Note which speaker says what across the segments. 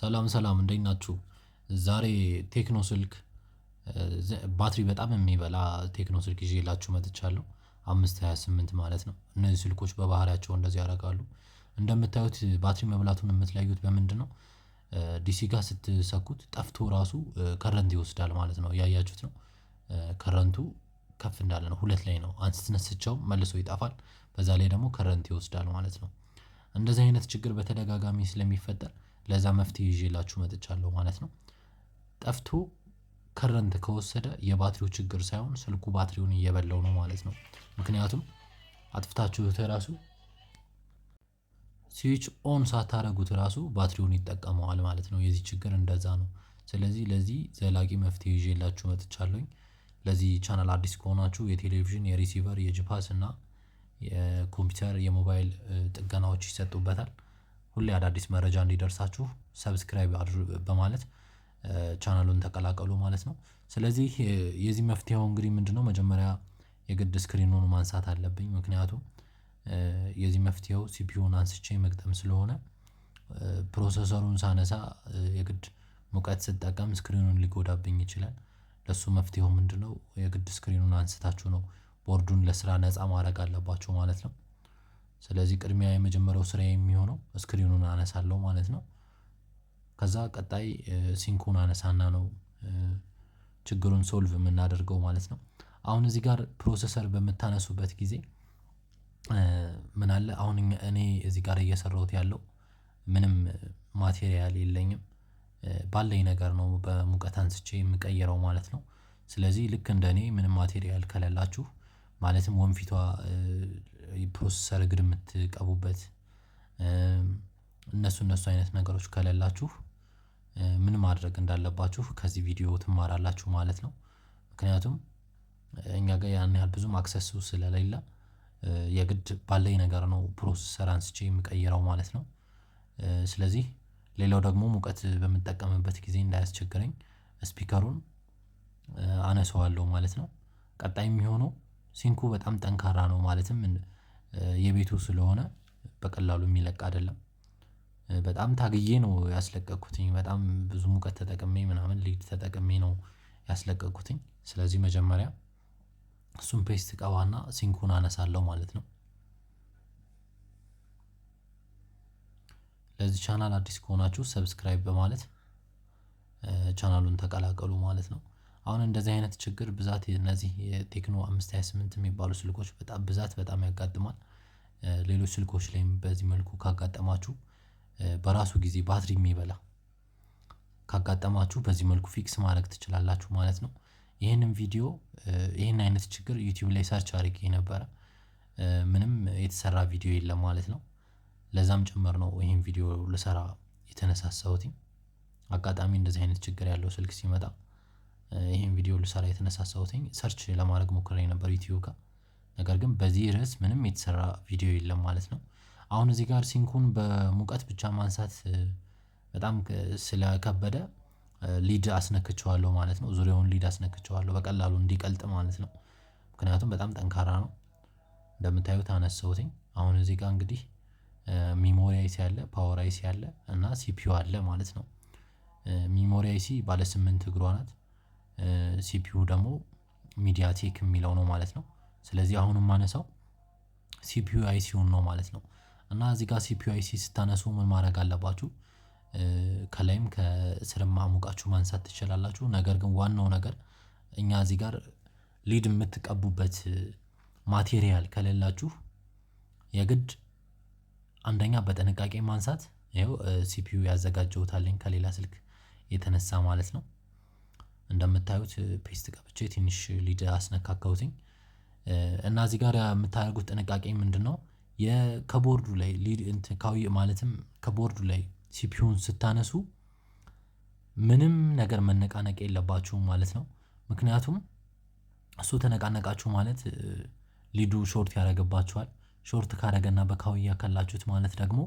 Speaker 1: ሰላም ሰላም እንዴት ናችሁ? ዛሬ ቴክኖ ስልክ ባትሪ በጣም የሚበላ ቴክኖ ስልክ ይዤላችሁ መጥቻለሁ። አምስት ሃያ ስምንት ማለት ነው። እነዚህ ስልኮች በባህሪያቸው እንደዚህ ያደርጋሉ። እንደምታዩት ባትሪ መብላቱን የምትለዩት በምንድን ነው? ዲሲ ጋር ስትሰኩት ጠፍቶ ራሱ ከረንት ይወስዳል ማለት ነው። እያያችሁት ነው። ከረንቱ ከፍ እንዳለ ነው። ሁለት ላይ ነው። አንስትነስቸው መልሶ ይጠፋል። በዛ ላይ ደግሞ ከረንት ይወስዳል ማለት ነው። እንደዚህ አይነት ችግር በተደጋጋሚ ስለሚፈጠር ለዛ መፍትሄ ይዤላችሁ መጥቻለሁ ማለት ነው። ጠፍቶ ከረንት ከወሰደ የባትሪው ችግር ሳይሆን ስልኩ ባትሪውን እየበላው ነው ማለት ነው። ምክንያቱም አጥፍታችሁት ራሱ ስዊች ኦን ሳታረጉት ራሱ ባትሪውን ይጠቀመዋል ማለት ነው። የዚህ ችግር እንደዛ ነው። ስለዚህ ለዚህ ዘላቂ መፍትሄ ይዤላችሁ መጥቻለሁኝ። ለዚህ ቻናል አዲስ ከሆናችሁ የቴሌቪዥን የሪሲቨር የጂፓስ እና የኮምፒውተር የሞባይል ጥገናዎች ይሰጡበታል። ሁሌ አዳዲስ መረጃ እንዲደርሳችሁ ሰብስክራይብ በማለት ቻናሉን ተቀላቀሉ ማለት ነው። ስለዚህ የዚህ መፍትሄው እንግዲህ ምንድነው? መጀመሪያ የግድ ስክሪኑን ማንሳት አለብኝ። ምክንያቱም የዚህ መፍትሄው ሲፒዩን አንስቼ መግጠም ስለሆነ ፕሮሰሰሩን ሳነሳ የግድ ሙቀት ስጠቀም ስክሪኑን ሊጎዳብኝ ይችላል። ለሱ መፍትሄው ምንድነው? የግድ ስክሪኑን አንስታችሁ ነው ቦርዱን ለስራ ነፃ ማድረግ አለባችሁ ማለት ነው። ስለዚህ ቅድሚያ የመጀመሪያው ስራ የሚሆነው ስክሪኑን አነሳለው ማለት ነው። ከዛ ቀጣይ ሲንኩን አነሳና ነው ችግሩን ሶልቭ የምናደርገው ማለት ነው። አሁን እዚህ ጋር ፕሮሰሰር በምታነሱበት ጊዜ ምን አለ አሁን እኔ እዚህ ጋር እየሰራሁት ያለው ምንም ማቴሪያል የለኝም ባለኝ ነገር ነው በሙቀት አንስቼ የምቀይረው ማለት ነው። ስለዚህ ልክ እንደ እኔ ምንም ማቴሪያል ከሌላችሁ ማለትም ወንፊቷ ፕሮሰሰር እግር የምትቀቡበት እነሱ እነሱ አይነት ነገሮች ከሌላችሁ ምን ማድረግ እንዳለባችሁ ከዚህ ቪዲዮ ትማራላችሁ ማለት ነው። ምክንያቱም እኛ ጋር ያን ያህል ብዙም አክሰሱ ስለሌለ የግድ ባለኝ ነገር ነው ፕሮሰሰር አንስቼ የምቀይረው ማለት ነው። ስለዚህ ሌላው ደግሞ ሙቀት በምጠቀምበት ጊዜ እንዳያስቸግረኝ ስፒከሩን አነሰዋለሁ ማለት ነው። ቀጣይ የሚሆነው ሲንኩ በጣም ጠንካራ ነው ማለትም የቤቱ ስለሆነ በቀላሉ የሚለቅ አይደለም። በጣም ታግዬ ነው ያስለቀቅኩትኝ በጣም ብዙ ሙቀት ተጠቅሜ ምናምን ሊድ ተጠቅሜ ነው ያስለቀቅኩትኝ ስለዚህ መጀመሪያ እሱን ፔስት ቀባና ሲንኩን አነሳለሁ ማለት ነው። ለዚህ ቻናል አዲስ ከሆናችሁ ሰብስክራይብ በማለት ቻናሉን ተቀላቀሉ ማለት ነው አሁን እንደዚህ አይነት ችግር ብዛት እነዚህ የቴክኖ አምስት ሃያ ስምንት የሚባሉ ስልኮች በጣም ብዛት በጣም ያጋጥማል። ሌሎች ስልኮች ላይም በዚህ መልኩ ካጋጠማችሁ በራሱ ጊዜ ባትሪ የሚበላ ካጋጠማችሁ በዚህ መልኩ ፊክስ ማድረግ ትችላላችሁ ማለት ነው። ይህንም ቪዲዮ ይህን አይነት ችግር ዩቲዩብ ላይ ሰርች አድርጌ ነበረ ምንም የተሰራ ቪዲዮ የለም ማለት ነው። ለዛም ጭምር ነው ይህን ቪዲዮ ልሰራ የተነሳሳሁትኝ። አጋጣሚ እንደዚህ አይነት ችግር ያለው ስልክ ሲመጣ ይህን ቪዲዮ ልሰራ የተነሳሳሁትኝ ሰርች ለማድረግ ሞክረ ነበር ዩቲዩብ ጋር፣ ነገር ግን በዚህ ርዕስ ምንም የተሰራ ቪዲዮ የለም ማለት ነው። አሁን እዚህ ጋር ሲንኩን በሙቀት ብቻ ማንሳት በጣም ስለከበደ ሊድ አስነክቸዋለሁ ማለት ነው። ዙሪያውን ሊድ አስነክቸዋለሁ በቀላሉ እንዲቀልጥ ማለት ነው። ምክንያቱም በጣም ጠንካራ ነው እንደምታዩት አነሰውትኝ። አሁን እዚህ ጋር እንግዲህ ሚሞሪ አይሲ አለ፣ ፓወር አይሲ አለ እና ሲፒዩ አለ ማለት ነው። ሚሞሪ አይሲ ባለ ስምንት እግሯ ናት። ሲፒዩ ደግሞ ሚዲያቴክ የሚለው ነው ማለት ነው። ስለዚህ አሁን ማነሳው ሲፒዩ አይሲውን ነው ማለት ነው። እና እዚህ ጋር ሲፒዩ አይሲ ስታነሱ ምን ማድረግ አለባችሁ? ከላይም ከስርም አሙቃችሁ ማንሳት ትችላላችሁ። ነገር ግን ዋናው ነገር እኛ እዚህ ጋር ሊድ የምትቀቡበት ማቴሪያል ከሌላችሁ የግድ አንደኛ በጥንቃቄ ማንሳት። ይኸው ሲፒዩ ያዘጋጀውታለኝ ከሌላ ስልክ የተነሳ ማለት ነው። እንደምታዩት ፔስት ቀብቼ ትንሽ ሊድ አስነካካሁትኝ እና እዚህ ጋር የምታደርጉት ጥንቃቄ ምንድን ነው? ከቦርዱ ላይ ካዊ ማለትም ከቦርዱ ላይ ሲፒዩን ስታነሱ ምንም ነገር መነቃነቅ የለባችሁም ማለት ነው። ምክንያቱም እሱ ተነቃነቃችሁ ማለት ሊዱ ሾርት ያደረገባችኋል። ሾርት ካደረገና በካዊ ከላችሁት ማለት ደግሞ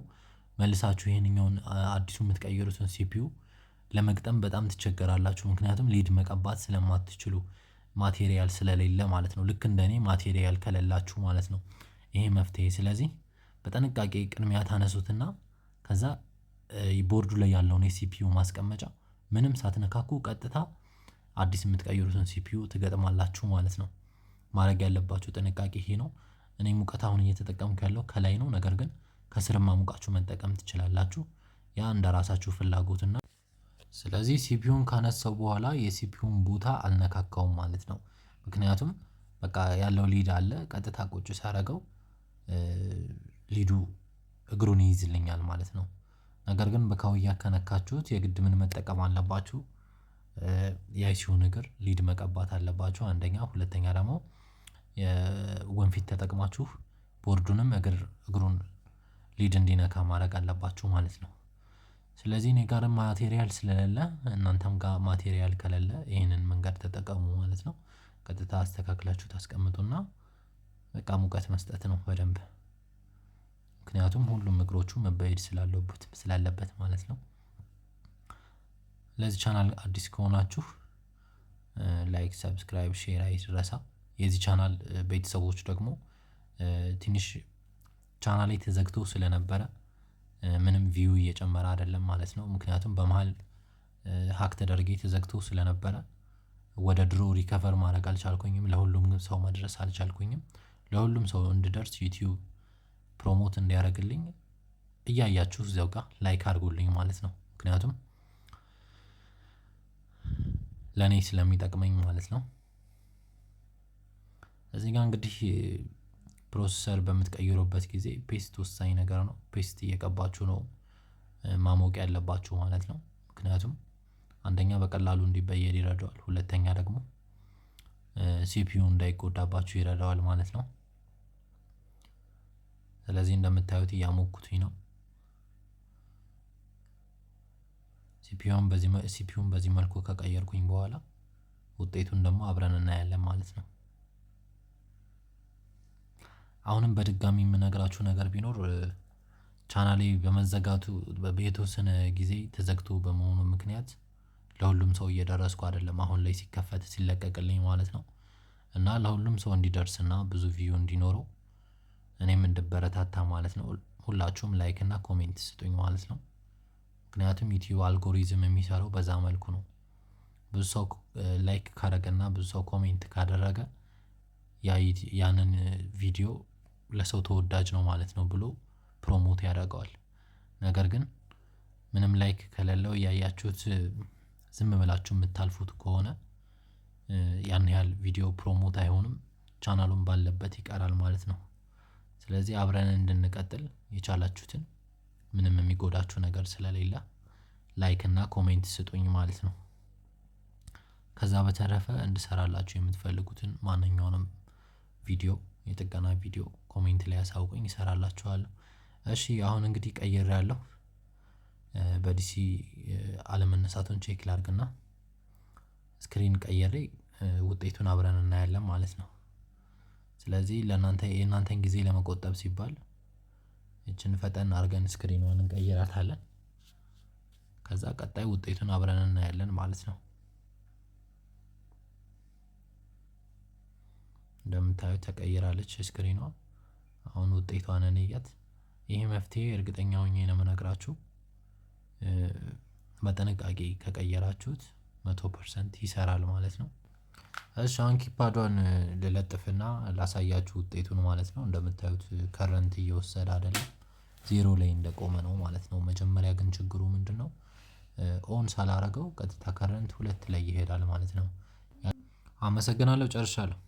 Speaker 1: መልሳችሁ ይህንኛውን አዲሱ የምትቀይሩትን ሲፒዩ ለመግጠም በጣም ትቸገራላችሁ። ምክንያቱም ሊድ መቀባት ስለማትችሉ ማቴሪያል ስለሌለ ማለት ነው። ልክ እንደኔ ማቴሪያል ከሌላችሁ ማለት ነው ይሄ መፍትሄ። ስለዚህ በጥንቃቄ ቅድሚያ ታነሱትና ከዛ ቦርዱ ላይ ያለውን የሲፒዩ ማስቀመጫ ምንም ሳትነካኩ ቀጥታ አዲስ የምትቀይሩትን ሲፒዩ ትገጥማላችሁ ማለት ነው። ማድረግ ያለባችሁ ጥንቃቄ ይሄ ነው። እኔ ሙቀት አሁን እየተጠቀምኩ ያለው ከላይ ነው፣ ነገር ግን ከስርማ ሙቃችሁ መጠቀም ትችላላችሁ። ያ እንደ ራሳችሁ ፍላጎትና ስለዚህ ሲፒዩን ካነሳው በኋላ የሲፒዩን ቦታ አልነካካውም ማለት ነው። ምክንያቱም በቃ ያለው ሊድ አለ ቀጥታ ቁጭ ሳረገው ሊዱ እግሩን ይይዝልኛል ማለት ነው። ነገር ግን በካውያ ከነካችሁት የግድ ምን መጠቀም አለባችሁ? የአይሲዩን እግር ሊድ መቀባት አለባችሁ አንደኛ። ሁለተኛ ደግሞ ወንፊት ተጠቅማችሁ ቦርዱንም እግር እግሩን ሊድ እንዲነካ ማድረግ አለባችሁ ማለት ነው። ስለዚህ እኔ ጋርም ማቴሪያል ስለሌለ እናንተም ጋር ማቴሪያል ከሌለ ይህንን መንገድ ተጠቀሙ ማለት ነው። ቀጥታ አስተካክላችሁ ታስቀምጡና በቃ ሙቀት መስጠት ነው በደንብ ምክንያቱም ሁሉም እግሮቹ መበየድ ስላለበት ስላለበት ማለት ነው። ለዚህ ቻናል አዲስ ከሆናችሁ ላይክ፣ ሰብስክራይብ፣ ሼር አይድረሳ የዚህ ቻናል ቤተሰቦች ደግሞ ትንሽ ቻናሌ ተዘግቶ ስለነበረ ምንም ቪው እየጨመረ አይደለም ማለት ነው። ምክንያቱም በመሃል ሀክ ተደርጌ ተዘግቶ ስለነበረ ወደ ድሮ ሪከቨር ማድረግ አልቻልኩኝም። ለሁሉም ሰው መድረስ አልቻልኩኝም። ለሁሉም ሰው እንድደርስ ዩቲዩብ ፕሮሞት እንዲያደርግልኝ እያያችሁ እዚያው ጋ ላይክ አድርጉልኝ ማለት ነው። ምክንያቱም ለእኔ ስለሚጠቅመኝ ማለት ነው። እዚህ ጋ እንግዲህ ፕሮሰሰር በምትቀይሩበት ጊዜ ፔስት ወሳኝ ነገር ነው። ፔስት እየቀባችሁ ነው ማሞቅ ያለባችሁ ማለት ነው። ምክንያቱም አንደኛ በቀላሉ እንዲበየድ ይረዳዋል፣ ሁለተኛ ደግሞ ሲፒዩ እንዳይጎዳባችሁ ይረዳዋል ማለት ነው። ስለዚህ እንደምታዩት እያሞኩትኝ ነው። ሲፒዩን በዚህ መልኩ ከቀየርኩኝ በኋላ ውጤቱን ደግሞ አብረን እናያለን ማለት ነው። አሁንም በድጋሚ የምነግራችሁ ነገር ቢኖር ቻናሌ በመዘጋቱ የተወሰነ ጊዜ ተዘግቶ በመሆኑ ምክንያት ለሁሉም ሰው እየደረስኩ አይደለም፣ አሁን ላይ ሲከፈት ሲለቀቅልኝ ማለት ነው። እና ለሁሉም ሰው እንዲደርስና ብዙ ቪዩ እንዲኖረው እኔም እንድበረታታ ማለት ነው ሁላችሁም ላይክ እና ኮሜንት ስጡኝ ማለት ነው። ምክንያቱም ዩቲዩብ አልጎሪዝም የሚሰራው በዛ መልኩ ነው። ብዙ ሰው ላይክ ካደረገና ብዙ ሰው ኮሜንት ካደረገ ያንን ቪዲዮ ለሰው ተወዳጅ ነው ማለት ነው ብሎ ፕሮሞት ያደርገዋል። ነገር ግን ምንም ላይክ ከሌለው እያያችሁት ዝም ብላችሁ የምታልፉት ከሆነ ያን ያህል ቪዲዮ ፕሮሞት አይሆንም፣ ቻናሉን ባለበት ይቀራል ማለት ነው። ስለዚህ አብረን እንድንቀጥል የቻላችሁትን ምንም የሚጎዳችሁ ነገር ስለሌለ ላይክ እና ኮሜንት ስጡኝ ማለት ነው። ከዛ በተረፈ እንድሰራላችሁ የምትፈልጉትን ማንኛውንም ቪዲዮ የጥገና ቪዲዮ ኮሜንት ላይ ያሳውቁኝ፣ ይሰራላችኋለሁ። እሺ አሁን እንግዲህ ቀይር ያለው በዲሲ አለመነሳቱን ቼክ ላርግና ስክሪን ቀየሬ ውጤቱን አብረን እናያለን ማለት ነው። ስለዚህ ለእናንተ የእናንተን ጊዜ ለመቆጠብ ሲባል ይችን ፈጠን አርገን ስክሪኗን እንቀይራታለን። ከዛ ቀጣይ ውጤቱን አብረን እናያለን ማለት ነው። እንደምታዩት ተቀይራለች ስክሪኗ። አሁን ውጤቷን እኔ እያት። መፍትሄ እርግጠኛ ሆኜ ነው የምነግራችሁ። በጥንቃቄ ከቀየራችሁት መቶ ፐርሰንት ይሰራል ማለት ነው። እሺ አሁን ኪፓዷን ልለጥፍና ላሳያችሁ ውጤቱን ማለት ነው። እንደምታዩት ከረንት እየወሰደ አይደለም፣ ዜሮ ላይ እንደቆመ ነው ማለት ነው። መጀመሪያ ግን ችግሩ ምንድን ነው? ኦን ሳላረገው ቀጥታ ከረንት ሁለት ላይ ይሄዳል ማለት ነው። አመሰግናለሁ። ጨርሻለሁ።